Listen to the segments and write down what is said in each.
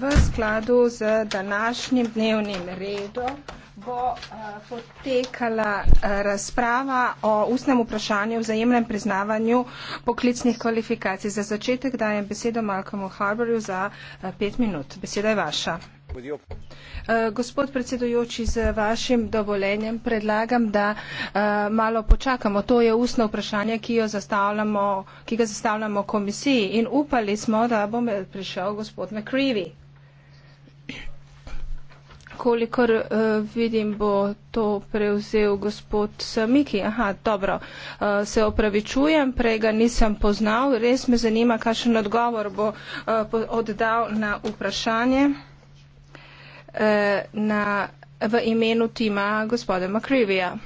V skladu z današnjim dnevnim redom bo eh, potekala eh, razprava o ustnem vprašanju o vzajemnem priznavanju poklicnih kvalifikacij. Za začetek dajem besedo Malcolmu Harborju za eh, pet minut. Beseda je vaša. Eh, gospod predsedujoči, z vašim dovolenjem predlagam, da eh, malo počakamo. To je ustno vprašanje, ki, ki ga zastavljamo komisiji in upali smo, da bo prišel gospod McCreevy. Kolikor uh, vidim, bo to prevzel gospod Miki. Aha, dobro. Uh, se opravičujem, prej ga nisem poznal. Res me zanima, kakšen odgovor bo uh, oddal na vprašanje. Eh, na, v imenu tima gospoda Makrivija.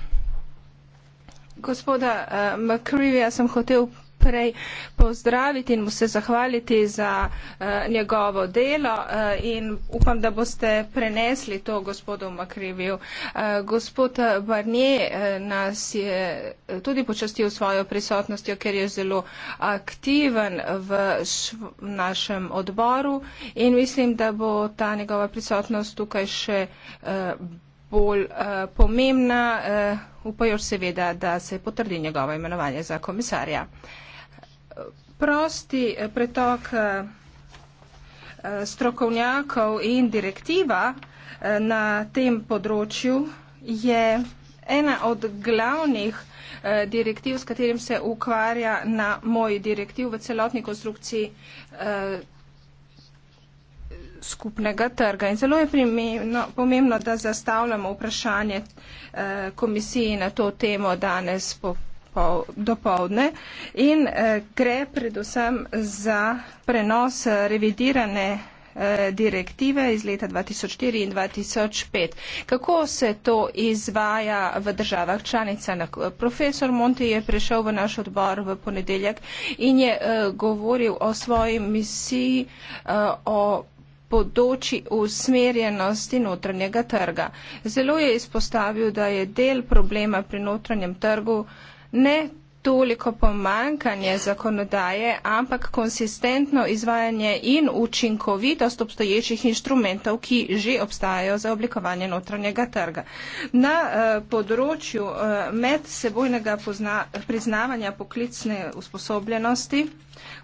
Gospoda uh, Makrivija sem hotel najprej pozdraviti in mu se zahvaliti za uh, njegovo delo uh, in upam, da boste prenesli to gospodu Makriviju. Uh, gospod Barnje uh, nas je tudi počastil svojo prisotnostjo, ker je zelo aktiven v, v našem odboru in mislim, da bo ta njegova prisotnost tukaj še uh, bolj uh, pomembna, uh, upajoč seveda, da se potrdi njegovo imenovanje za komisarja. Prosti eh, pretok uh, strokovnjakov in direktiva uh, na tem področju je ena od glavnih direktiv, s katerim se ukvarja na moj direktiv v celotni konstrukciji skupnega trga. In zelo je primemno, pomembno, da zastavljamo vprašanje eh, komisiji na to temo danes po, po, do povdne. In eh, gre predvsem za prenos eh, revidirane eh, direktive iz leta 2004 in 2005. Kako se to izvaja v državah članica? Profesor Monti je prišel v naš odbor v ponedeljek in je eh, govoril o svoji misiji, eh, o bodoči usmerjenosti notranjega trga. Zelo je izpostavil, da je del problema pri notranjem trgu ne toliko pomankanje zakonodaje, ampak konsistentno izvajanje in učinkovitost obstoječih inštrumentov, ki že obstajajo za oblikovanje notranjega trga. Na uh, področju uh, medsebojnega pozna, priznavanja poklicne usposobljenosti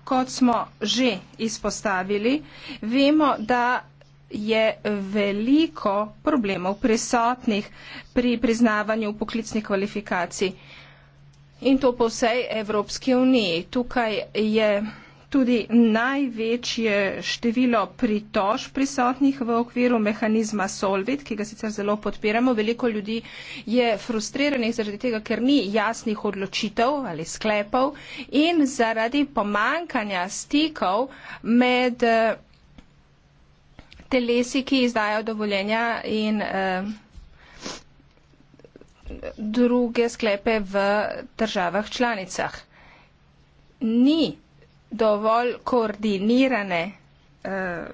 kot smo že izpostavili, vemo, da je veliko problemov prisotnih pri priznavanju poklicnih kvalifikacij. In to po vsej Evropski uniji. Tukaj je tudi največje število pritož prisotnih v okviru mehanizma Solvit, ki ga sicer zelo podpiramo. Veliko ljudi je frustriranih zaradi tega, ker ni jasnih odločitev ali sklepov in zaradi pomankanja stikov med eh, telesi, ki izdajo dovoljenja in eh, druge sklepe v državah članicah. Ni dovolj koordinirane eh,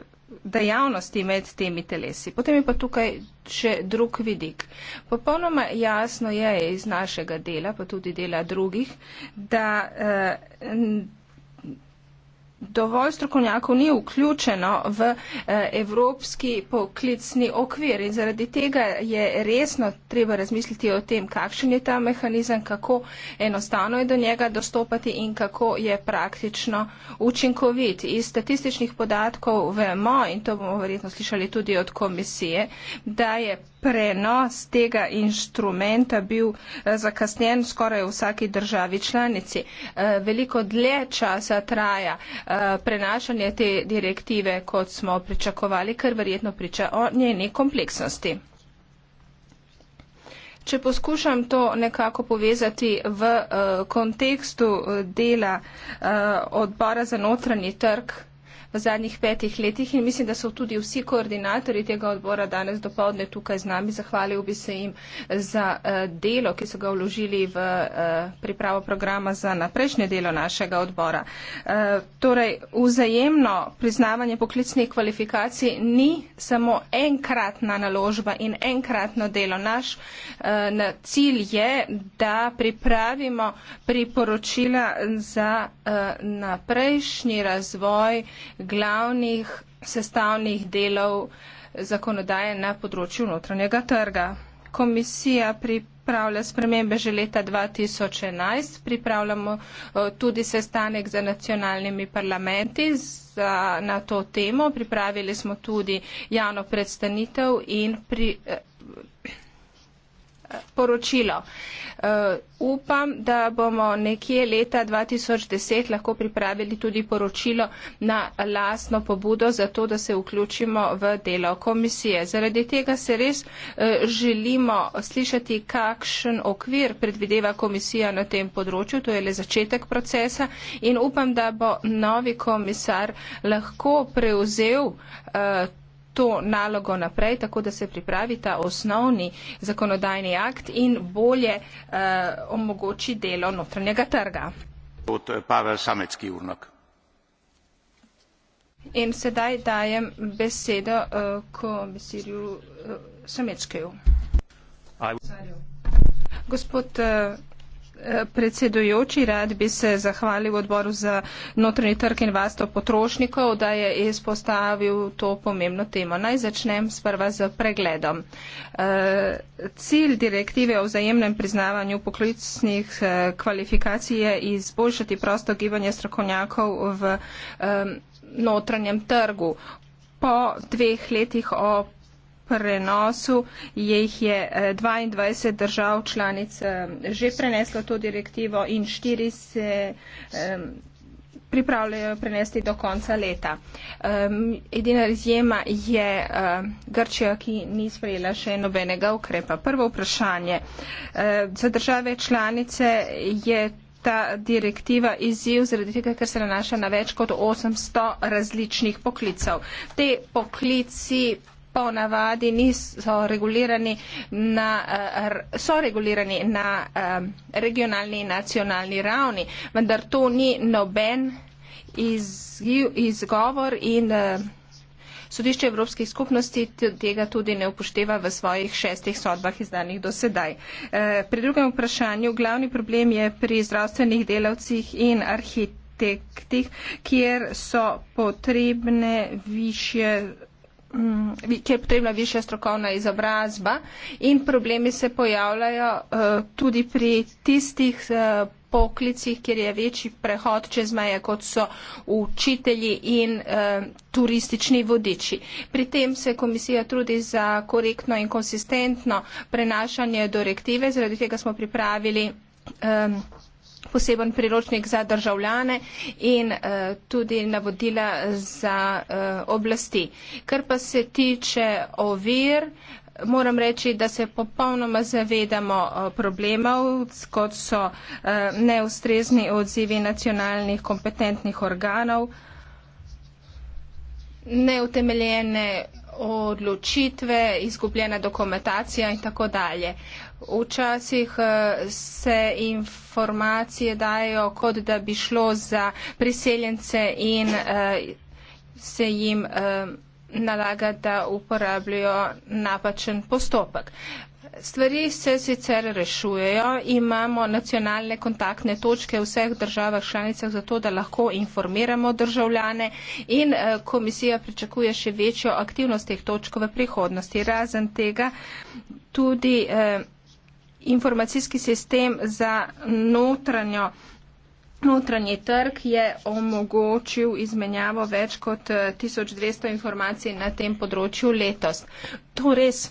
dejavnosti med temi telesi. Potem je pa tukaj še drug vidik. Popolnoma jasno je iz našega dela, pa tudi dela drugih, da. Eh, dovolj strokovnjakov ni vključeno v eh, evropski poklicni okvir in zaradi tega je resno treba razmisliti o tem, kakšen je ta mehanizem, kako enostavno je do njega dostopati in kako je praktično učinkovit. Iz statističnih podatkov vemo, in to bomo verjetno slišali tudi od komisije, da je prenos tega inštrumenta bil eh, zakasnjen skoraj v vsaki državi članici. Eh, veliko dlje časa traja eh, prenašanje te direktive, kot smo pričakovali, ker verjetno priča o njeni kompleksnosti. Če poskušam to nekako povezati v uh, kontekstu dela uh, odbora za notranji trg, v zadnjih petih letih in mislim, da so tudi vsi koordinatori tega odbora danes dopovdne tukaj z nami. Zahvalil bi se jim za eh, delo, ki so ga vložili v eh, pripravo programa za naprejšnje delo našega odbora. Eh, torej, vzajemno priznavanje poklicnih kvalifikacij ni samo enkratna naložba in enkratno delo. Naš cilj je, da pripravimo priporočila za naprejšnji razvoj glavnih sestavnih delov zakonodaje na področju notranjega trga. Komisija pripravlja spremembe že leta 2011, pripravljamo eh, tudi sestanek za nacionalnimi parlamenti za, na to temo, pripravili smo tudi javno predstanitev in pri, eh, poročilo. Eh, upam, da bomo nekje leta 2010 lahko pripravili tudi poročilo na lastno pobudo, zato da se vključimo v delo komisije. Zaradi tega se res eh, želimo slišati, kakšen okvir predvideva komisija na tem področju. To je le začetek procesa in upam, da bo novi komisar lahko prevzel. Uh, to nalogo naprej, tako da se pripravi ta osnovni zakonodajni akt in bolje eh, omogoči delo notranjega trga. Eh, in sedaj dajem besedo eh, komisarju eh, Samečkeju. Gospod eh, predsedujoči, rad bi se zahvalil odboru za notranji trg in vasto potrošnikov, da je izpostavil to pomembno temo. Naj začnem sprva z pregledom. Eh, cilj direktive o vzajemnem priznavanju poklicnih eh, kvalifikacij je izboljšati prosto gibanje strokovnjakov v eh, notranjem trgu. Po dveh letih o prenosu je jih je 22 eh, držav članic eh, že preneslo to direktivo in štiri se eh, pripravljajo prenesti do konca leta. Edina izjema je Grčija, ki ni sprejela še nobenega ukrepa. Prvo vprašanje. Za države članice je ta direktiva izziv zaradi tega, ker se nanaša na več kot 800 različnih poklicov. Te poklici po navadi niso regulirani na, eh, so regulirani na eh, regionalni in nacionalni ravni, vendar to ni noben izgovor in eh, sodišče Evropskih skupnosti tega tudi ne upošteva v svojih šestih sodbah izdanih do sedaj. Pri drugem vprašanju glavni problem je pri zdravstvenih delavcih in arhitektih, kjer so potrebne više Mm, ki je potrebna višja strokovna izobrazba in problemi se pojavljajo eh, tudi pri tistih eh, poklicih, kjer je večji prehod čez meje, kot so učitelji in e, turistični vodiči. Pri tem se komisija trudi za korektno in konsistentno prenašanje direktive, zaradi tega smo pripravili e, poseben priročnik za državljane in uh, tudi navodila za uh, oblasti. Kar pa se tiče ovir, Moram reči, da se popolnoma zavedamo eh, problemov, kot so neustrezni odzivi nacionalnih kompetentnih organov, neutemeljene odločitve, izgubljena dokumentacija in tako dalje. Včasih eh, se informacije dajo, kot da bi šlo za priseljence in eh, se jim eh, nalaga, da uporabljajo napačen postopek stvari se sicer rešujejo. Imamo nacionalne kontaktne točke v vseh državah članicah za to, da lahko informiramo državljane in eh, komisija pričakuje še večjo aktivnost teh točk v prihodnosti. Razen tega tudi eh, informacijski sistem za notranjo. Notranji trg je omogočil izmenjavo več kot 1200 eh, informacij na tem področju letos. To res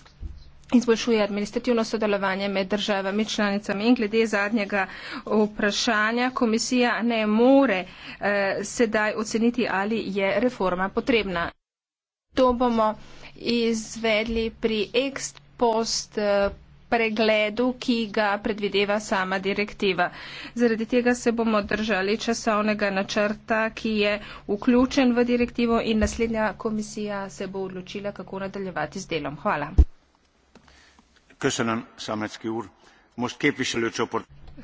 izboljšuje administrativno sodelovanje med državami članicami in glede zadnjega vprašanja komisija ne more eh, sedaj oceniti, ali je reforma potrebna. To bomo izvedli pri ex-post eh, pregledu, ki ga predvideva sama direktiva. Zaradi tega se bomo držali časovnega načrta, ki je vključen v direktivo in naslednja komisija se bo odločila, kako nadaljevati z delom. Hvala.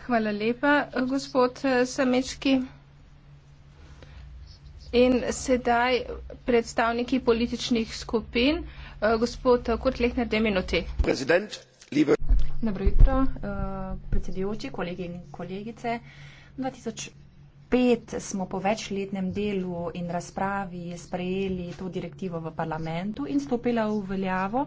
Hvala lepa, gospod eh, Samečki. In sedaj predstavniki političnih skupin. Eh, gospod Kurt Lehner, dve minuti. Dobro jutro, eh, predsedujoči, kolegi in kolegice. 2005 smo po večletnem delu in razpravi sprejeli to direktivo v parlamentu in stopila v veljavo.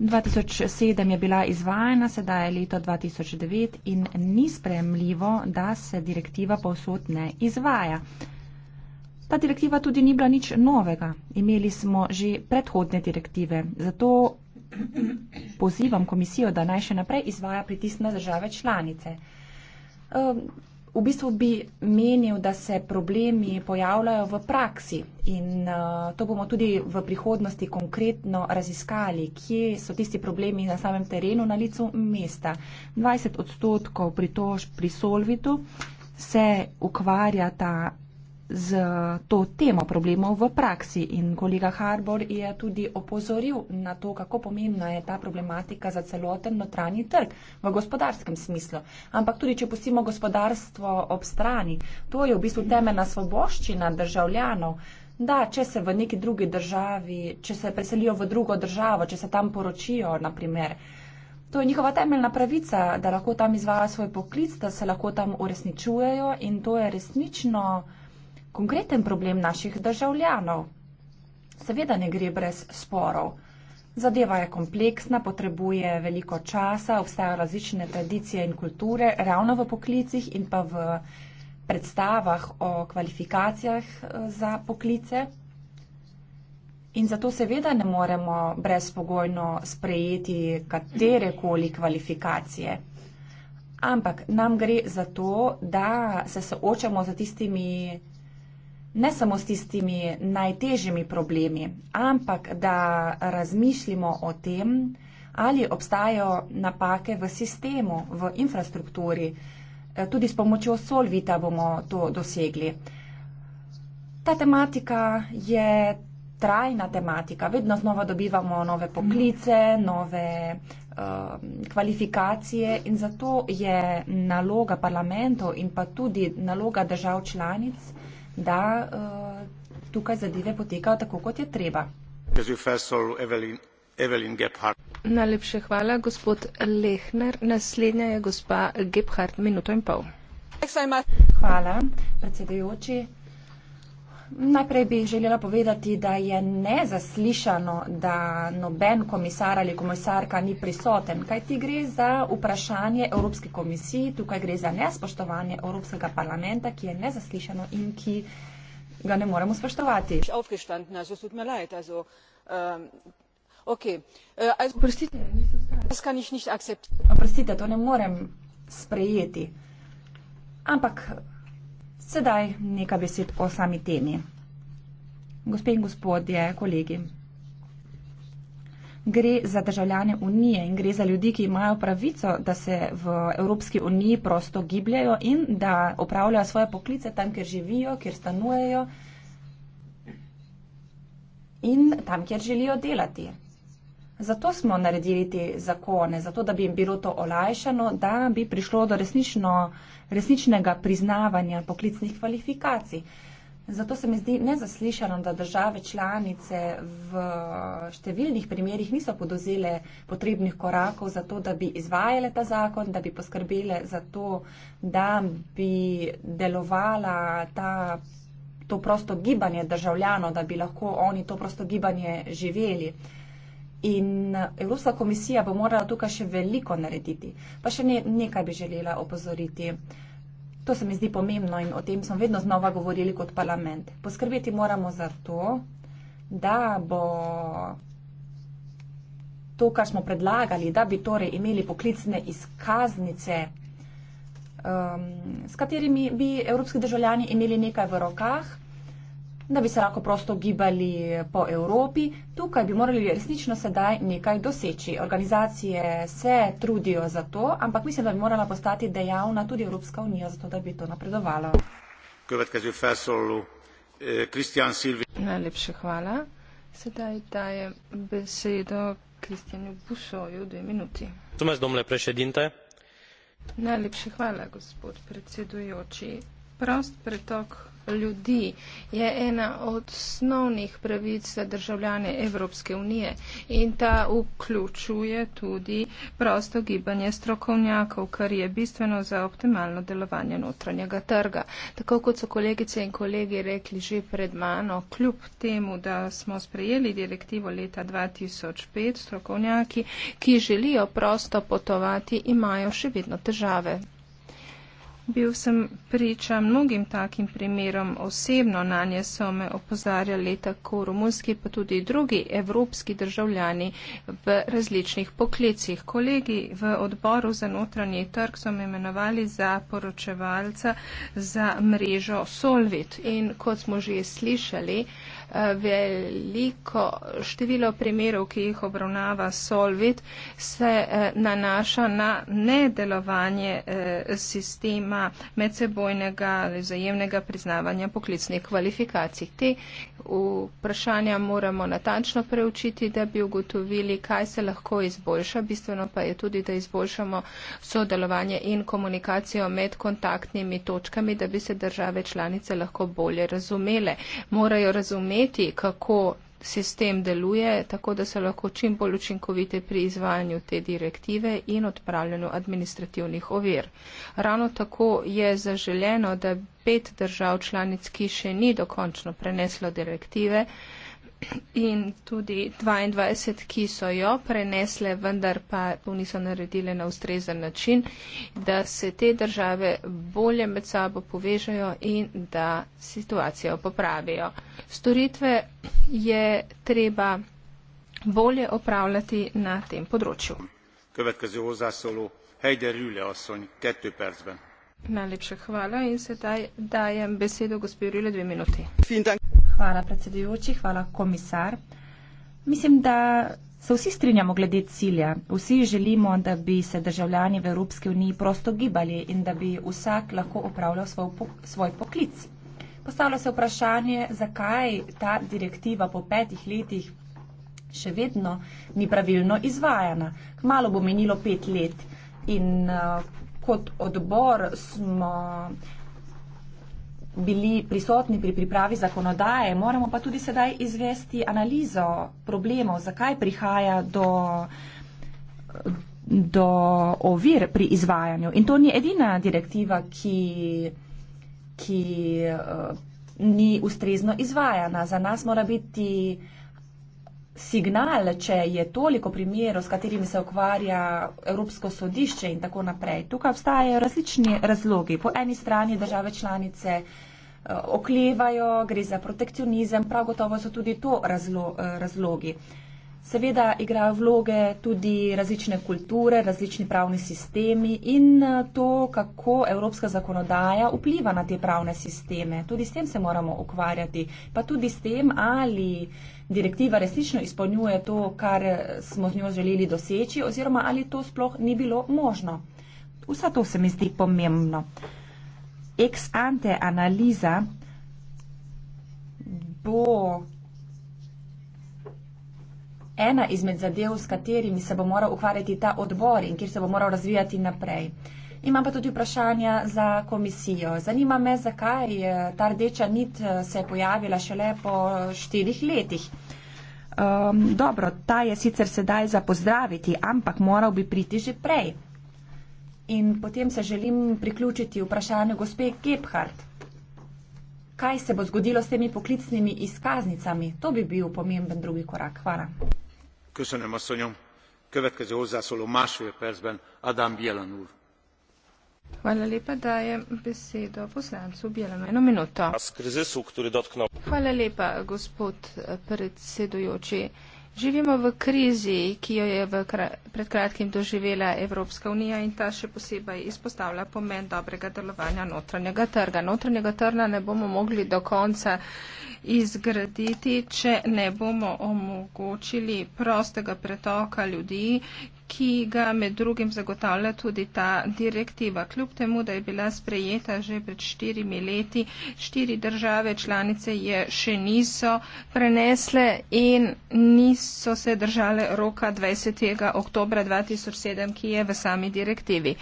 2007 je bila izvajena, sedaj je leto 2009 in ni spremljivo, da se direktiva povsod ne izvaja. Ta direktiva tudi ni bila nič novega. Imeli smo že predhodne direktive. Zato pozivam komisijo, da naj še naprej izvaja pritisk na države članice. Ehm, v bistvu bi menil, da se problemi pojavljajo v praksi in uh, to bomo tudi v prihodnosti konkretno raziskali, kje so tisti problemi na samem terenu na licu mesta. 20 odstotkov pritož pri Solvitu se ukvarjata z to temo problemov v praksi. In kolega Harbor je tudi opozoril na to, kako pomembna je ta problematika za celoten notranji trg v gospodarskem smislu. Ampak tudi, če pustimo gospodarstvo ob strani, to je v bistvu temena svoboščina državljanov. Da, če se v neki drugi državi, če se preselijo v drugo državo, če se tam poročijo, naprimer, to je njihova temeljna pravica, da lahko tam izvajo svoj poklic, da se lahko tam uresničujejo in to je resnično konkreten problem naših državljanov. Seveda ne gre brez sporov. Zadeva je kompleksna, potrebuje veliko časa, obstajajo različne tradicije in kulture, ravno v poklicih in pa v predstavah o kvalifikacijah eh, za poklice. In zato seveda ne moremo brezpogojno sprejeti katere koli kvalifikacije. Ampak nam gre za to, da se soočamo z tistimi ne samo s tistimi najtežjimi problemi, ampak da razmišljamo o tem, ali obstajajo napake v sistemu, v infrastrukturi. E, tudi s pomočjo Solvita bomo to dosegli. Ta tematika je trajna tematika. Vedno znova dobivamo nove poklice, nove uh, kvalifikacije in zato je naloga parlamentov in pa tudi naloga držav članic da eh, tukaj zadeve potekajo tako, kot je treba. Najlepše hvala, gospod Lehner. Naslednja je gospa Gebhardt, minuto in pol. Hvala, predsedujoči najprej bi želela povedati, da je nezaslišano, da noben komisar ali komisarka ni prisoten, kaj ti gre za vprašanje Evropske komisije, tukaj gre za nespoštovanje Evropskega parlamenta, ki je nezaslišano in ki ga ne moremo spoštovati. Eh, Oprostite, to ne morem sprejeti. Ampak Sedaj nekaj besed o sami temi. Gospe in gospodje, kolegi, gre za državljane Unije in gre za ljudi, ki imajo pravico, da se v Evropski uniji prosto gibljajo in da opravljajo svoje poklice tam, kjer živijo, kjer stanujejo in tam, kjer želijo delati. Zato smo naredili te zakone, zato da bi jim bilo to olajšano, da bi prišlo do resnično, resničnega priznavanja poklicnih kvalifikacij. Zato se mi zdi nezaslišano, da države članice v številnih primerjih niso podozile potrebnih korakov za to, da bi izvajale ta zakon, da bi poskrbele za to, da bi delovala ta, to prosto gibanje državljanov, da bi lahko oni to prosto gibanje živeli. In eh, Evropska komisija bo morala tukaj še veliko narediti. Pa še nekaj bi želela opozoriti. To se mi zdi pomembno in o tem smo vedno znova govorili kot parlament. Poskrbeti moramo za to, da bo to, kar smo predlagali, da bi torej imeli poklicne izkaznice, um, s katerimi bi evropski državljani imeli nekaj v rokah da bi se lahko prosto gibali po Evropi. Tukaj bi morali resnično sedaj nekaj doseči. Organizacije se trudijo za to, ampak mislim, da bi morala postati dejavna tudi Evropska unija, zato da bi to napredovalo. Eh, Najlepše hvala. Sedaj dajem besedo Kristjanu Bušoju, dve minuti. Najlepše hvala, gospod predsedujoči. Prost pretok ljudi je ena od osnovnih pravic za državljane Evropske unije in ta vključuje tudi prosto gibanje strokovnjakov, kar je bistveno za optimalno delovanje notranjega trga. Tako kot so kolegice in kolegi rekli že pred mano, kljub temu, da smo sprejeli direktivo leta 2005, strokovnjaki, ki želijo prosto potovati, imajo še vedno težave. Bil sem priča mnogim takim primerom, osebno na nje so me opozarjali tako romunski, pa tudi drugi evropski državljani v različnih poklicih. Kolegi v odboru za notranji trg so me imenovali za poročevalca za mrežo Solvit in kot smo že slišali, veliko število primerov, ki jih obravnava Solvit, se eh, nanaša na nedelovanje eh, sistema medsebojnega ali vzajemnega priznavanja poklicnih kvalifikacij. Te vprašanja moramo natančno preučiti, da bi ugotovili, kaj se lahko izboljša. Bistveno pa je tudi, da izboljšamo sodelovanje in komunikacijo med kontaktnimi točkami, da bi se države članice lahko bolje razumele. Morajo razumeti, kako sistem deluje, tako da so lahko čim bolj učinkovite pri izvajanju te direktive in odpravljanju administrativnih ovir. Ravno tako je zaželjeno, da pet držav članic, ki še ni dokončno preneslo direktive, in tudi 22, ki so jo prenesle, vendar pa to niso naredile na ustrezen način, da se te države bolje med sabo povežajo in da situacijo popravijo. Storitve je treba bolje opravljati na tem področju. Najlepša hvala in sedaj dajem besedo gospodinu Rile dve minuti. Hvala, predsedujoči, hvala, komisar. Mislim, da se vsi strinjamo glede cilja. Vsi želimo, da bi se državljani v Evropski uniji prosto gibali in da bi vsak lahko upravljal svoj, svoj poklic. Postavlja se vprašanje, zakaj ta direktiva po petih letih še vedno ni pravilno izvajana. Kmalo bo menilo pet let in uh, kot odbor smo bili prisotni pri pripravi zakonodaje, moramo pa tudi sedaj izvesti analizo problemov, zakaj prihaja do, do ovir pri izvajanju. In to ni edina direktiva, ki, ki uh, ni ustrezno izvajana. Za nas mora biti signal, če je toliko primerov, s katerimi se ukvarja Evropsko sodišče in tako naprej. Tukaj obstajajo različni razlogi. Po eni strani države članice Eh, oklevajo, gre za protekcionizem, prav gotovo so tudi to razlo, eh, razlogi. Seveda igrajo vloge tudi različne kulture, različni pravni sistemi in eh, to, kako evropska zakonodaja vpliva na te pravne sisteme. Tudi s tem se moramo ukvarjati, pa tudi s tem, ali direktiva resnično izpolnjuje to, kar smo z njo želeli doseči, oziroma ali to sploh ni bilo možno. Vsa to se mi zdi pomembno ex ante analiza bo ena izmed zadev, s katerimi se bo moral ukvarjati ta odbor in kjer se bo moral razvijati naprej. Imam pa tudi vprašanja za komisijo. Zanima me, zakaj eh, ta rdeča nit eh, se je pojavila šele po štirih letih. Um, dobro, ta je sicer sedaj za pozdraviti, ampak moral bi priti že prej. In potem se želim priključiti vprašanju gospe Gebhardt. Kaj se bo zgodilo s temi poklicnimi izkaznicami? To bi bil pomemben drugi korak. Hvala. Köszönöm, asszonyom. Következő hozzászóló másfél percben Adam Bielan úr. Hvala lepa, da je besedo poslancu Bielan. Eno minuto. Hvala lepa, gospod predsedujoči. Živimo v krizi, ki jo je kra pred kratkim doživela Evropska unija in ta še posebej izpostavlja pomen dobrega delovanja notranjega trga. Notranjega trga ne bomo mogli do konca izgraditi, če ne bomo omogočili prostega pretoka ljudi, ki ga med drugim zagotavlja tudi ta direktiva. Kljub temu, da je bila sprejeta že pred štirimi leti, štiri države članice je še niso prenesle in niso se držale roka 20. oktobra 2007, ki je v sami direktivi.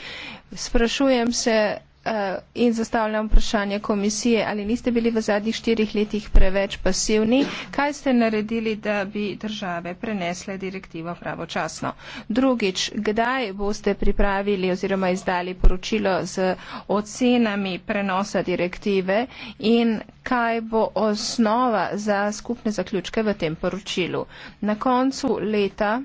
Sprašujem se, Eh, in zastavljam vprašanje komisije, ali niste bili v zadnjih štirih letih preveč pasivni, kaj ste naredili, da bi države prenesle direktivo pravočasno. Drugič, kdaj boste pripravili oziroma izdali poročilo z ocenami prenosa direktive in kaj bo osnova za skupne zaključke v tem poročilu. Na koncu leta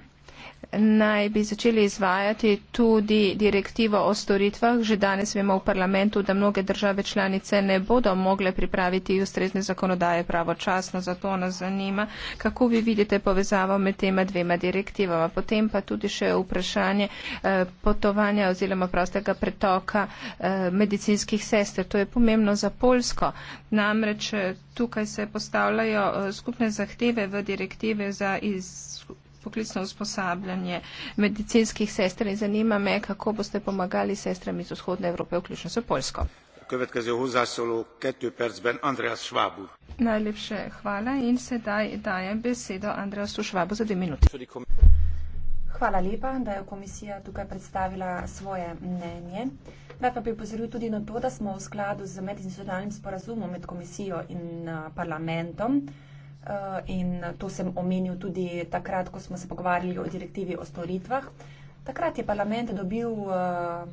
naj bi začeli izvajati tudi direktivo o storitvah. Že danes vemo v parlamentu, da mnoge države članice ne bodo mogle pripraviti ustrezne zakonodaje pravočasno. Zato nas zanima, kako vi vidite povezavo med tema dvema direktivama. Potem pa tudi še vprašanje eh, potovanja oziroma prostega pretoka eh, medicinskih sester. To je pomembno za Polsko. Namreč eh, tukaj se postavljajo skupne zahteve v direktive za iz poklicno usposabljanje medicinskih sester in zanima me, kako boste pomagali sestram iz vzhodne Evrope, vključno s Polsko. Najlepše hvala in sedaj dajem besedo Andreasu Švabu za dve minuti. Hvala lepa, da je komisija tukaj predstavila svoje mnenje. Naj pa bi opozoril tudi na to, da smo v skladu z medinstitucionalnim sporazumom med komisijo in parlamentom Eh, in to sem omenil tudi takrat, ko smo se pogovarjali o direktivi o storitvah. Takrat je parlament dobil eh,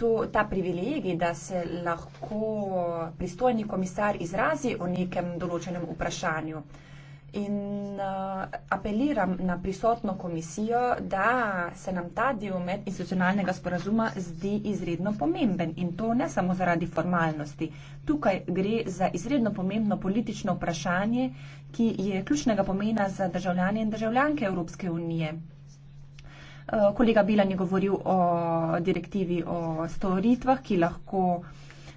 to, ta privilegij, da se lahko pristojni komisar izrazi o nekem določenem vprašanju in uh, apeliram na prisotno komisijo, da se nam ta del med institucionalnega sporazuma zdi izredno pomemben in to ne samo zaradi formalnosti. Tukaj gre za izredno pomembno politično vprašanje, ki je ključnega pomena za državljane in državljanke Evropske unije. Eh, kolega Bilan je govoril o direktivi o storitvah, ki lahko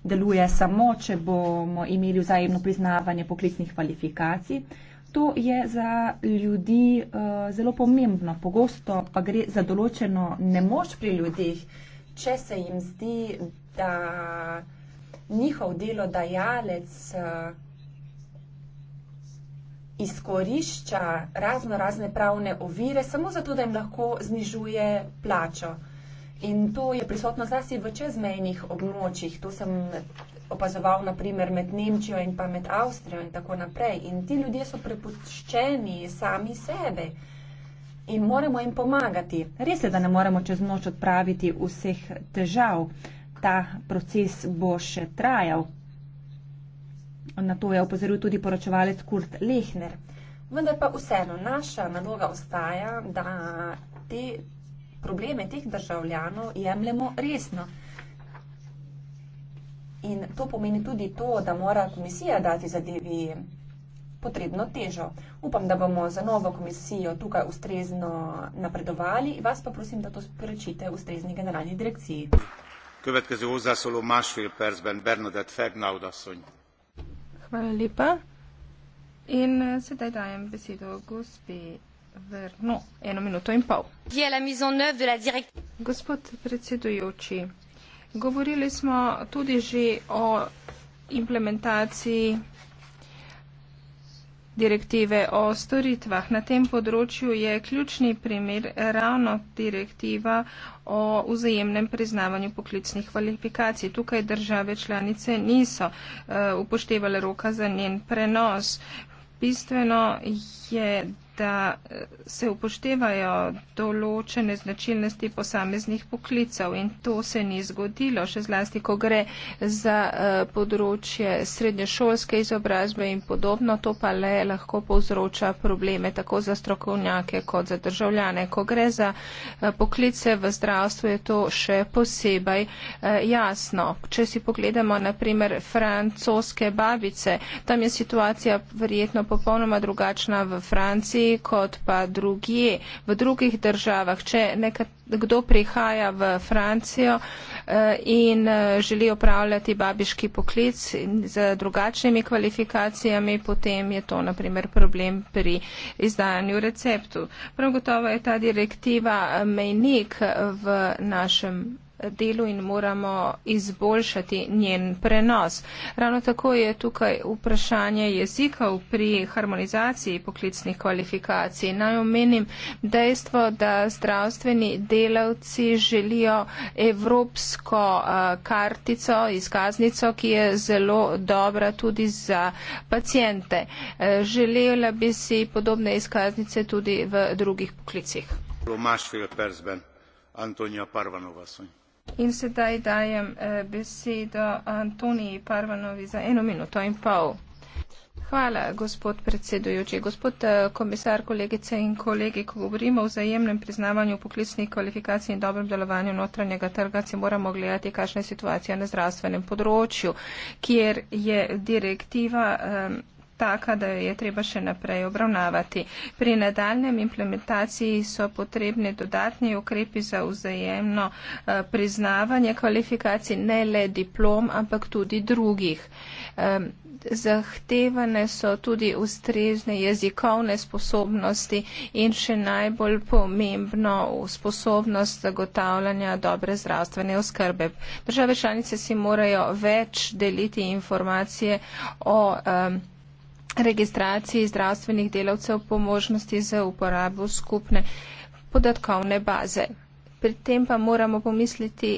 deluje samo, če bomo imeli vzajemno priznavanje poklicnih kvalifikacij. Uh, To je za ljudi uh, zelo pomembno. Pogosto pa gre za določeno nemoč pri ljudeh, če se jim zdi, da njihov delodajalec uh, izkorišča razno razne pravne ovire samo zato, da jim lahko znižuje plačo. In to je prisotno zlasti v čezmejnih območjih. To sem opazoval naprimer med Nemčijo in pa med Avstrijo in tako naprej. In ti ljudje so prepuščeni sami sebe in moramo jim pomagati. Res je, da ne moremo čez noč odpraviti vseh težav. Ta proces bo še trajal. Na to je opozoril tudi poročevalec Kurt Lehner. Vendar pa vseeno naša naloga ostaja, da te probleme teh državljanov jemljemo resno. In to pomeni tudi to, da mora komisija dati zadevi potrebno težo. Upam, da bomo za novo komisijo tukaj ustrezno napredovali. Vas pa prosim, da to sporočite v ustrezni generalni direkciji. Hvala lepa. In eh, sedaj dajem besedo gospe Verno, eno minuto in pol. Gospod predsedujoči, Govorili smo tudi že o implementaciji direktive o storitvah. Na tem področju je ključni primer ravno direktiva o vzajemnem priznavanju poklicnih kvalifikacij. Tukaj države članice niso uh, upoštevale roka za njen prenos. Bistveno je da eh, se upoštevajo določene značilnosti posameznih poklicov in to se ni zgodilo, še zlasti, ko gre za eh, področje srednješolske izobrazbe in podobno, to pa le lahko povzroča probleme tako za strokovnjake kot za državljane. Ko gre za eh, poklice v zdravstvu, je to še posebej jasno. Če si pogledamo naprimer francoske babice, tam je situacija verjetno popolnoma drugačna v Franciji kot pa drugje v drugih državah. Če nekat, kdo prihaja v Francijo eh, in eh, želi opravljati babiški poklic z drugačnimi kvalifikacijami, potem je to naprimer problem pri izdajanju receptu. Prav gotovo je ta direktiva eh, mejnik v našem delu in moramo izboljšati njen prenos. Ravno tako je tukaj vprašanje jezikov pri harmonizaciji poklicnih kvalifikacij. Naj omenim dejstvo, da zdravstveni delavci želijo evropsko kartico, izkaznico, ki je zelo dobra tudi za pacijente. Želela bi si podobne izkaznice tudi v drugih poklicih. Lomaš, Antonija Parvanova. In sedaj dajem eh, besedo Antoniji Parvanovi za eno minuto in pol. Hvala, gospod predsedujoči. Gospod eh, komisar, kolegice in kolegi, ko govorimo o vzajemnem priznavanju poklicnih kvalifikacij in dobrem delovanju notranjega trga, si moramo gledati, kakšna je situacija na zdravstvenem področju, kjer je direktiva. Um, taka, da jo je treba še naprej obravnavati. Pri nadaljem implementaciji so potrebni dodatni ukrepi za vzajemno eh, priznavanje kvalifikacij, ne le diplom, ampak tudi drugih. Zahtevane so tudi ustrezne jezikovne sposobnosti in še najbolj pomembno sposobnost zagotavljanja dobre zdravstvene oskrbe. Države članice si morajo več deliti informacije o um, registraciji zdravstvenih delavcev po možnosti za uporabo skupne podatkovne baze. Pri tem pa moramo pomisliti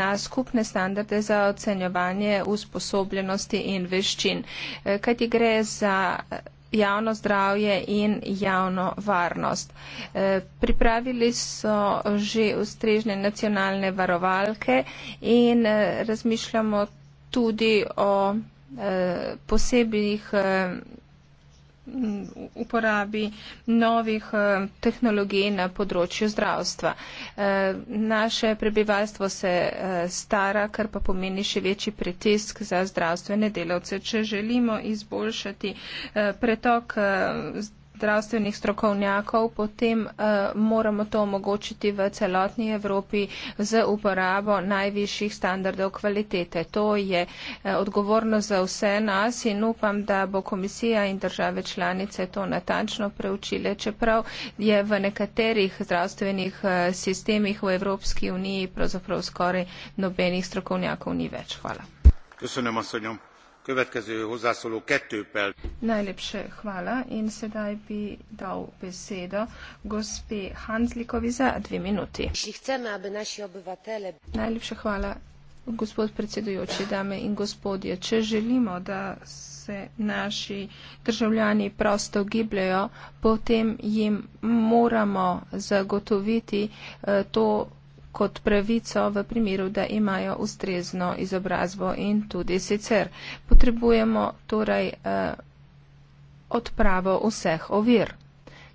na skupne standarde za ocenjevanje usposobljenosti in veščin, eh, kajti gre za eh, javno zdravje in javno varnost. Eh, pripravili so že ustrežne nacionalne varovalke in razmišljamo tudi o Eh, posebnih eh, uporabi novih eh, tehnologij na področju zdravstva. Naše prebivalstvo se stara, kar pa pomeni še večji pritisk za zdravstvene delavce. Če želimo izboljšati pretok zdravstva, zdravstvenih strokovnjakov, potem uh, moramo to omogočiti v celotni Evropi z uporabo najvišjih standardov kvalitete. To je uh, odgovorno za vse nas in upam, da bo komisija in države članice to natančno preučile, čeprav je v nekaterih zdravstvenih uh, sistemih v Evropski uniji pravzaprav skoraj nobenih strokovnjakov ni več. Hvala. Köszönöm, asszonyom. Najlepše hvala in sedaj bi dal besedo gospe Hanslikovi za dve minuti. Najlepše hvala, gospod predsedujoči, dame in gospodje. Če želimo, da se naši državljani prosto gibljajo, potem jim moramo zagotoviti eh, to kot pravico v primeru, da imajo ustrezno izobrazbo in tudi sicer. Potrebujemo torej eh, odpravo vseh ovir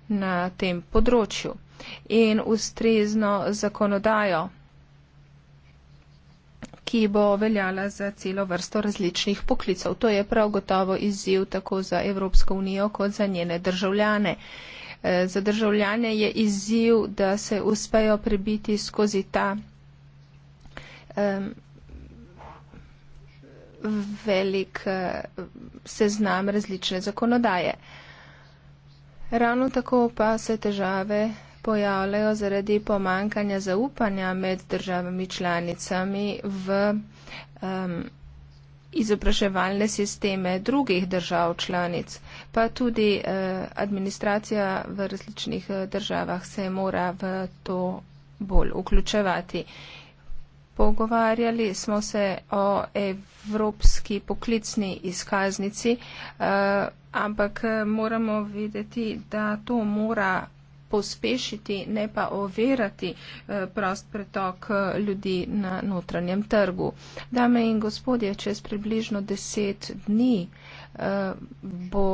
na tem področju in ustrezno zakonodajo, ki bo veljala za celo vrsto različnih poklicov. To je prav gotovo izziv tako za Evropsko unijo kot za njene državljane. Eh, Eh, za državljane je izziv, da se uspejo prebiti skozi ta velik eh, seznam različne zakonodaje. Ravno tako pa se težave pojavljajo zaradi pomankanja zaupanja med državami članicami v um, izobraževalne sisteme drugih držav članic, pa tudi eh, administracija v različnih eh, državah se mora v to bolj vključevati. Pogovarjali smo se o evropski poklicni izkaznici, eh, ampak moramo videti, da to mora pospešiti, ne pa overati eh, prost pretok eh, ljudi na notranjem trgu. Dame in gospodje, čez približno deset dni eh, bo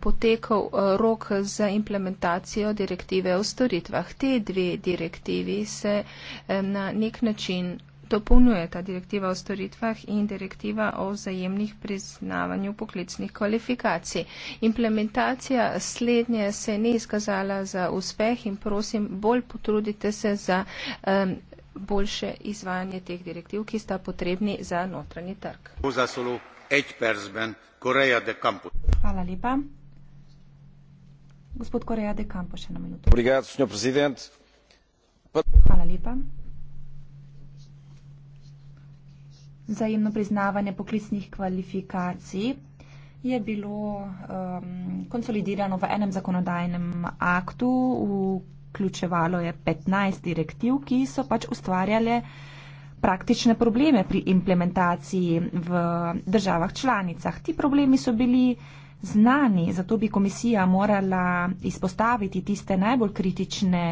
potekal rok za implementacijo direktive o storitvah. Te dve direktivi se na nek način dopolnjujeta direktiva o storitvah in direktiva o vzajemnih priznavanju poklicnih kvalifikacij. Implementacija slednje se ni izkazala za uspeh in prosim, bolj potrudite se za um, boljše izvajanje teh direktiv, ki sta potrebni za notranji trg. Hvala lepa. Gospod Koreja de Campo, še na minuto. Hvala lepa. vzajemno priznavanje poklicnih kvalifikacij je bilo um, konsolidirano v enem zakonodajnem aktu, vključevalo je 15 direktiv, ki so pač ustvarjale praktične probleme pri implementaciji v državah članicah. Ti problemi so bili znani, zato bi komisija morala izpostaviti tiste najbolj kritične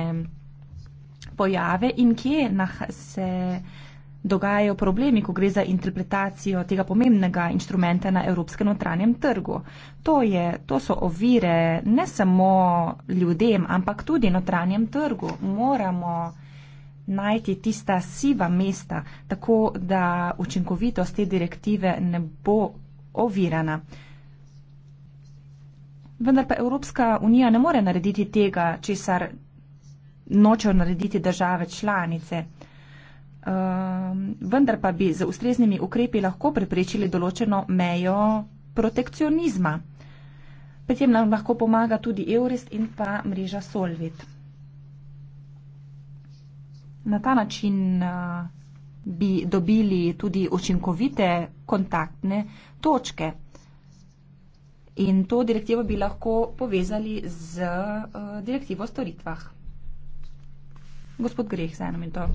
pojave in kje se dogajajo problemi, ko gre za interpretacijo tega pomembnega inštrumenta na evropskem notranjem trgu. To, je, to so ovire ne samo ljudem, ampak tudi notranjem trgu. Moramo najti tista siva mesta, tako da učinkovitost te direktive ne bo ovirana. Vendar pa Evropska unija ne more narediti tega, česar nočejo narediti države članice. Ehm, vendar pa bi z ustreznimi ukrepi lahko preprečili določeno mejo protekcionizma. Pri tem nam lahko pomaga tudi Eurist in pa mreža Solvit. Na ta način eh, bi dobili tudi učinkovite kontaktne točke. In to direktivo bi lahko povezali z eh, direktivo o storitvah. Gospod Greh, za eno minuto.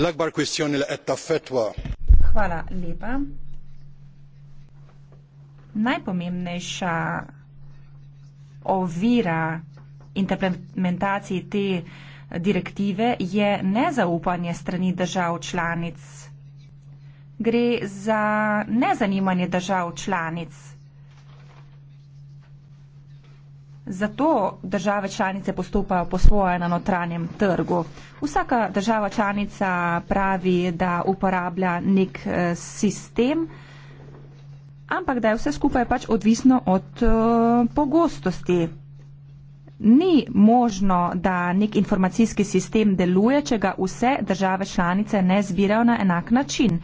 Hvala lepa. Najpomembnejša ovira interpretaciji te direktive je nezaupanje strani držav članic. Gre za nezanimanje držav članic Zato države članice postopajo po svoje na notranjem trgu. Vsaka država članica pravi, da uporablja nek eh, sistem, ampak da je vse skupaj pač odvisno od eh, pogostosti. Ni možno, da nek informacijski sistem deluje, če ga vse države članice ne zbirajo na enak način.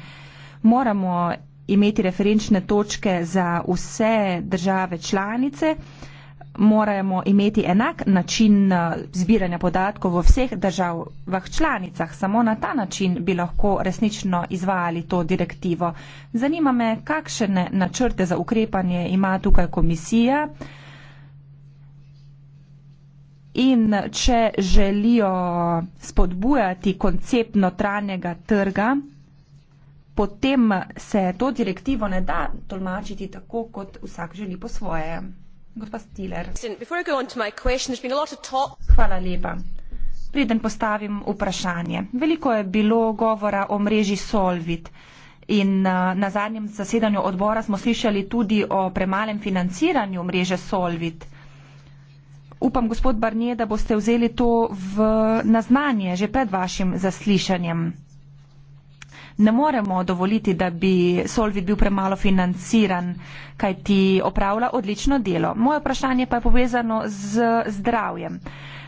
Moramo imeti referenčne točke za vse države članice moramo imeti enak način eh, zbiranja podatkov v vseh državah članicah. Samo na ta način bi lahko resnično izvajali to direktivo. Zanima me, kakšne načrte za ukrepanje ima tukaj komisija in če želijo spodbujati koncept notranjega trga, potem se to direktivo ne da tolmačiti tako, kot vsak želi po svoje. Hvala lepa. Preden postavim vprašanje. Veliko je bilo govora o mreži Solvit in uh, na zadnjem zasedanju odbora smo slišali tudi o premalem financiranju mreže Solvit. Upam, gospod Barnier, da boste vzeli to v naznanje že pred vašim zaslišanjem ne moremo dovoliti, da bi Solvit bil premalo financiran, kaj ti opravlja odlično delo. Moje vprašanje pa je povezano z zdravjem.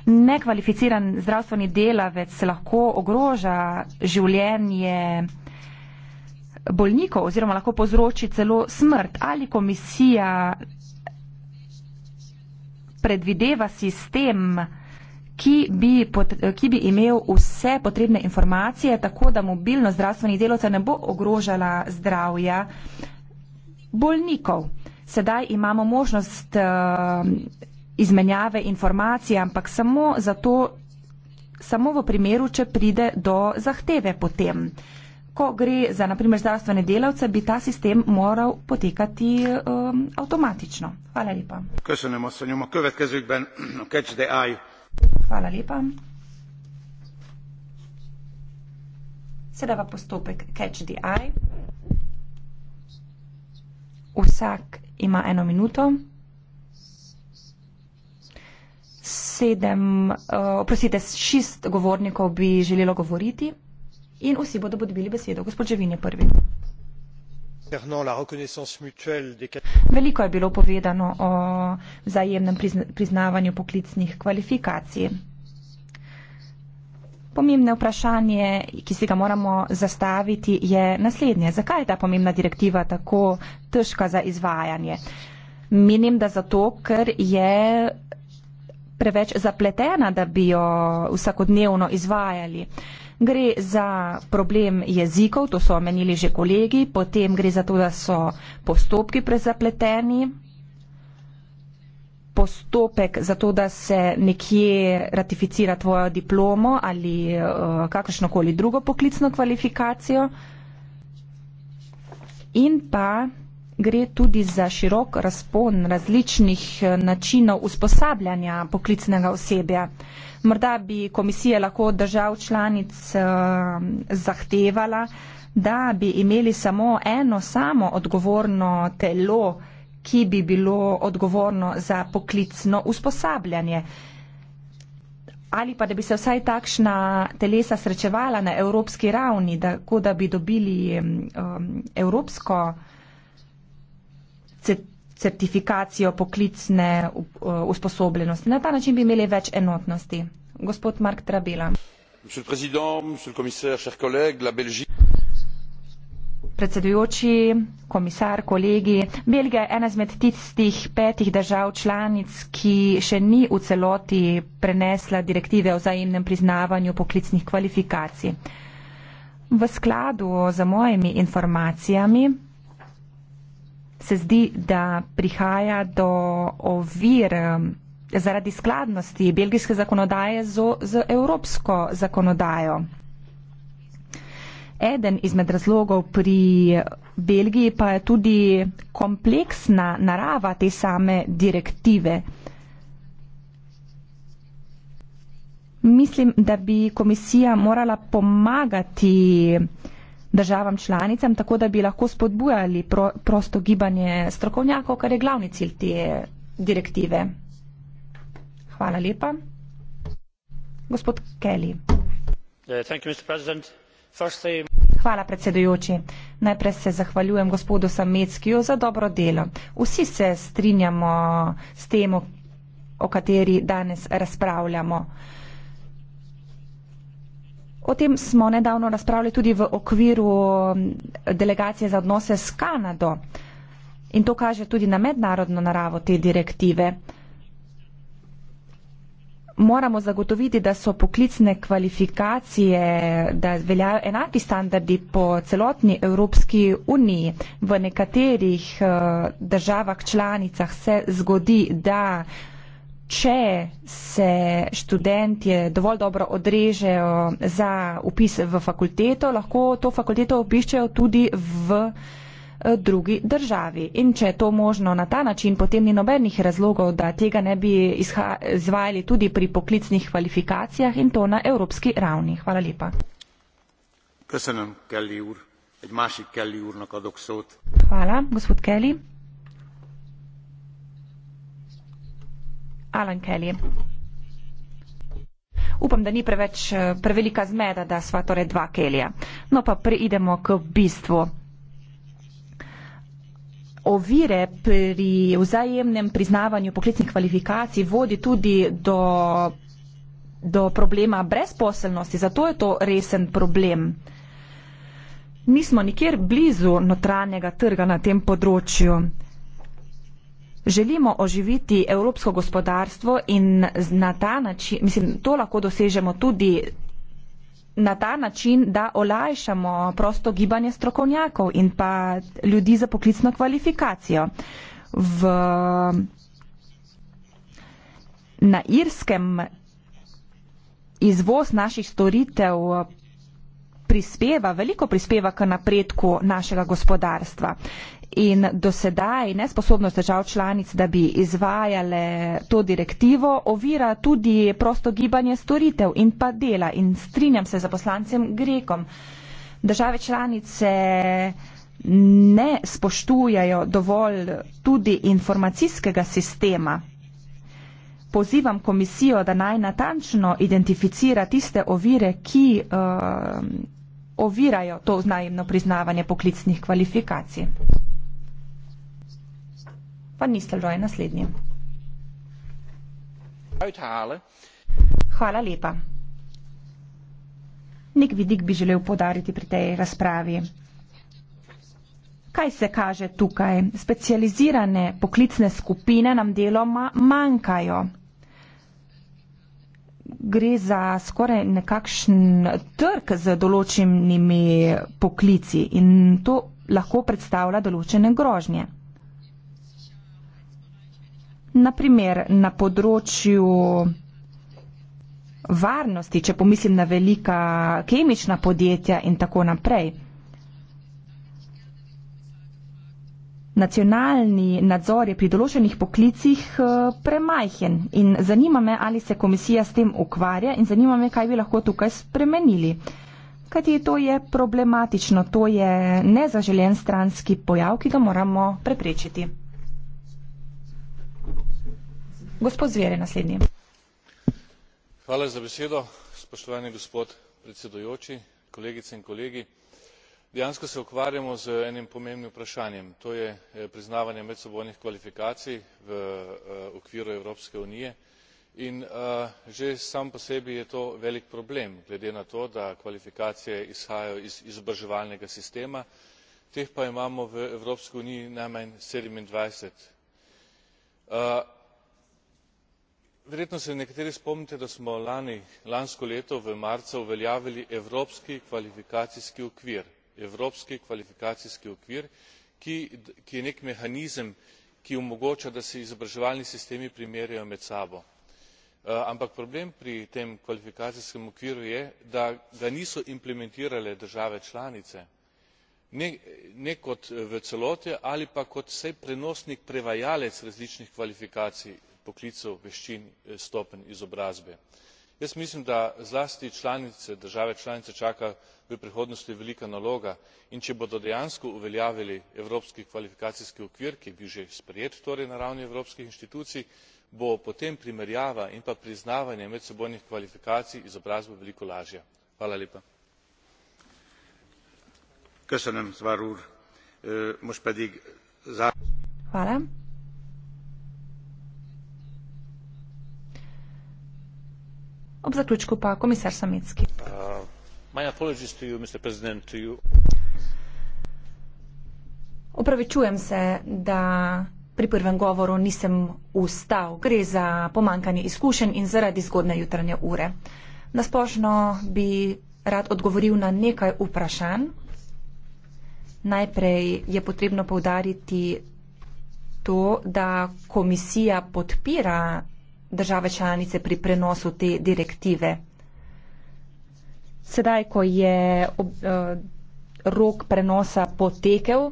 Nekvalificiran zdravstveni delavec se lahko ogroža življenje bolnikov oziroma lahko povzroči celo smrt. Ali komisija predvideva sistem, ki bi, pot, ki bi imel vse potrebne informacije, tako da mobilnost zdravstvenih delovcev ne bo ogrožala zdravja bolnikov. Sedaj imamo možnost uh, izmenjave informacij, ampak samo, zato, samo v primeru, če pride do zahteve potem. Ko gre za naprimer zdravstvene delavce, bi ta sistem moral potekati um, avtomatično. Hvala lepa. Kaj se nam osnovno, kaj vedke zvigben, kaj če dej aj. Hvala lepa. Sedaj pa postopek catch the eye. Vsak ima eno minuto. Sedem, uh, eh, prosite, šest govornikov bi želelo govoriti in vsi bodo dobili besedo. Gospod Ževin je prvi. Veliko je bilo povedano o vzajemnem priznavanju poklicnih kvalifikacij. Pomembno vprašanje, ki si ga moramo zastaviti, je naslednje. Zakaj je ta pomembna direktiva tako težka za izvajanje? Menim, da zato, ker je preveč zapletena, da bi jo vsakodnevno izvajali gre za problem jezikov, to so omenili že kolegi, potem gre za to, da so postopki prezapleteni, postopek za to, da se nekje ratificira tvojo diplomo ali eh, kakršnokoli drugo poklicno kvalifikacijo in pa gre tudi za širok razpon različnih eh, načinov usposabljanja poklicnega osebja. Morda bi komisija lahko držav članic eh, zahtevala, da bi imeli samo eno samo odgovorno telo, ki bi bilo odgovorno za poklicno usposabljanje. Ali pa, da bi se vsaj takšna telesa srečevala na evropski ravni, tako da, da bi dobili um, evropsko certifikacijo poklicne usposobljenosti. Na ta način bi imeli več enotnosti. Gospod Mark Trabela. Predsedujoči, komisar, kolegi, Belgija je ena izmed tistih petih držav članic, ki še ni v celoti prenesla direktive o vzajemnem priznavanju poklicnih kvalifikacij. V skladu za mojimi informacijami se zdi, da prihaja do ovir um, zaradi skladnosti belgijske zakonodaje z, z evropsko zakonodajo. Eden izmed razlogov pri Belgiji pa je tudi kompleksna narava te same direktive. Mislim, da bi komisija morala pomagati uh, državam članicam, tako da bi lahko spodbujali pro, prosto gibanje strokovnjakov, kar je glavni cilj te direktive. Hvala lepa. Gospod Kelly. Uh, thank you, Mr. Firstly... Hvala, predsedujoči. Najprej se zahvaljujem gospodu Sametskiju za dobro delo. Vsi se strinjamo s temo, o kateri danes razpravljamo. Uh, O tem smo nedavno razpravljali tudi v okviru delegacije za odnose s Kanado. In to kaže tudi na mednarodno naravo te direktive. Moramo zagotoviti, da so poklicne kvalifikacije, da veljajo enaki standardi po celotni Evropski uniji. V nekaterih eh, državah članicah se zgodi, da če se študentje dovolj dobro odrežejo za upis v fakulteto, lahko to fakulteto obiščejo tudi v eh, drugi državi. In če je to možno na ta način, potem ni nobenih razlogov, da tega ne bi izvajali tudi pri poklicnih kvalifikacijah in to na evropski ravni. Hvala lepa. Köszönöm, Kelly úr. Egy másik Kelly úrnak adok szót. Hvala, gospod Kelly. Alan Kelly. Upam, da ni preveč eh, prevelika zmeda, da sva torej dva Kelija. No pa preidemo k bistvu. Ovire pri vzajemnem priznavanju poklicnih kvalifikacij vodi tudi do, do problema brezposelnosti, zato je to resen problem. Nismo nikjer blizu notranjega trga na tem področju. Želimo oživiti evropsko gospodarstvo in na ta način, mislim, to lahko dosežemo tudi na ta način, da olajšamo prosto gibanje strokovnjakov in pa ljudi za poklicno kvalifikacijo. V, na irskem izvoz naših storitev prispeva, veliko prispeva k napredku našega gospodarstva in dosedaj nesposobnost držav članic, da bi izvajale to direktivo, ovira tudi prosto gibanje storitev in pa dela. In strinjam se za poslancem Grekom. Države članice ne spoštujajo dovolj tudi informacijskega sistema. Pozivam komisijo, da naj natančno identificira tiste ovire, ki uh, ovirajo to vznajemno priznavanje poklicnih kvalifikacij van Nistelrooy naslednji. Hvala lepa. Nek vidik bi želel podariti pri tej razpravi. Kaj se kaže tukaj? Specializirane poklicne skupine nam deloma manjkajo. Gre za skoraj nekakšen trg z določenimi poklici in to lahko predstavlja določene grožnje naprimer na področju varnosti, če pomislim na velika kemična podjetja in tako naprej. Nacionalni nadzor je pri določenih poklicih eh, premajhen in zanima me, ali se komisija s tem ukvarja in zanima me, kaj bi lahko tukaj spremenili. Kajti to je problematično, to je nezaželen stranski pojav, ki ga moramo preprečiti gospod zver je naslednji hvala za besedo spoštovani gospod predsedujoči kolegice in kolegi dejansko se ukvarjamo z enim pomembnim vprašanjem to je eh, priznavanje medsebojnih kvalifikacij v eh, okviru evropske unije in eh, že sam po sebi je to velik problem glede na to da kvalifikacije izhajajo iz izobraževalnega sistema teh pa imamo v evropski uniji najmanj sedemindvajset verjetno se nekateri spomnite da smo lansko leto v marcu uveljavili evropski kvalifikacijski okvir evropski kvalifikacijski okvir ki je nek mehanizem ki omogoča da se izobraževalni sistemi primerjajo med sabo eh, ampak problem pri tem kvalifikacijskem okviru je da ga niso implementirale države članice ne kot v celoti ali pa kot vsaj prenosnik prevajalec različnih kvalifikacij poklicev veščin eh, stopenj izobrazbe. jaz mislim da zlasti članice države članice čaka v prihodnosti velika naloga in če bodo dejansko uveljavili evropski kvalifikacijski okvir ki je bil že sprejet torej na ravni evropskih inštitucij bo potem primerjava in pa priznavanje medsebojnih kvalifikacij izobrazbe veliko lažja. Ob zaključku pa komisar Samecki. Uh, Opravičujem se, da pri prvem govoru nisem ustal. Gre za pomankanje izkušenj in zaradi zgodne jutranje ure. Nasplošno bi rad odgovoril na nekaj vprašanj. Najprej je potrebno povdariti to, da komisija podpira države članice pri prenosu te direktive. Sedaj, ko je ob, eh, rok prenosa potekel,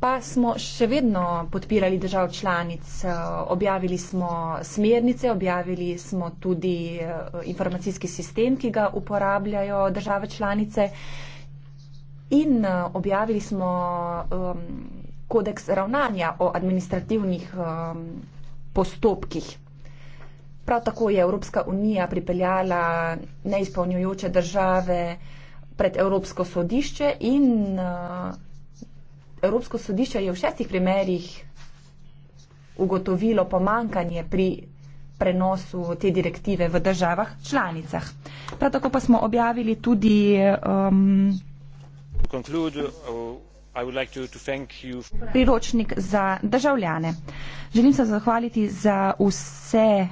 pa smo še vedno podpirali držav članic. Eh, objavili smo smernice, objavili smo tudi eh, informacijski sistem, ki ga uporabljajo države članice in eh, objavili smo um, kodeks ravnanja o administrativnih um, postopkih. Prav tako je Evropska unija pripeljala neizpolnjujoče države pred Evropsko sodišče in eh, Evropsko sodišče je v šestih primerjih ugotovilo pomankanje pri prenosu te direktive v državah članicah. Prav tako pa smo objavili tudi. Um, priročnik za državljane. Želim se zahvaliti za vse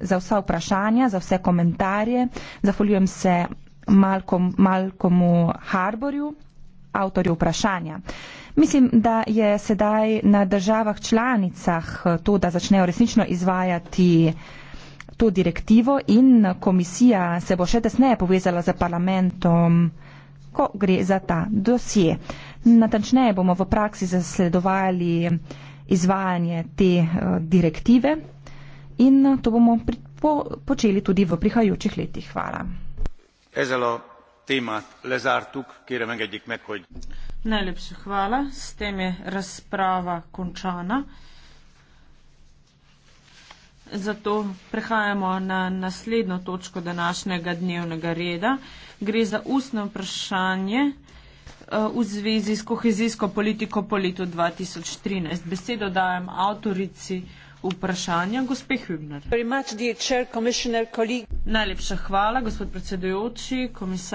za vsa vprašanja, za vse komentarje. Zahvaljujem se Malcolm, Malcolmu Harborju, avtorju vprašanja. Mislim, da je sedaj na državah članicah to, da začnejo resnično izvajati to direktivo in komisija se bo še tesneje povezala z parlamentom, ko gre za ta dosje. Natančneje bomo v praksi zasledovali izvajanje te eh, direktive in eh, to bomo pri, po, počeli tudi v prihajajočih letih. Hvala. Najlepša hvala. S tem je razprava končana. Zato prehajamo na naslednjo točko današnjega dnevnega reda. Gre za ustno vprašanje eh, v zvezi s kohezijsko politiko po letu 2013. Besedo dajem avtorici vprašanja. Gospe Hübner. Najlepša hvala, gospod predsedujoči, komisar.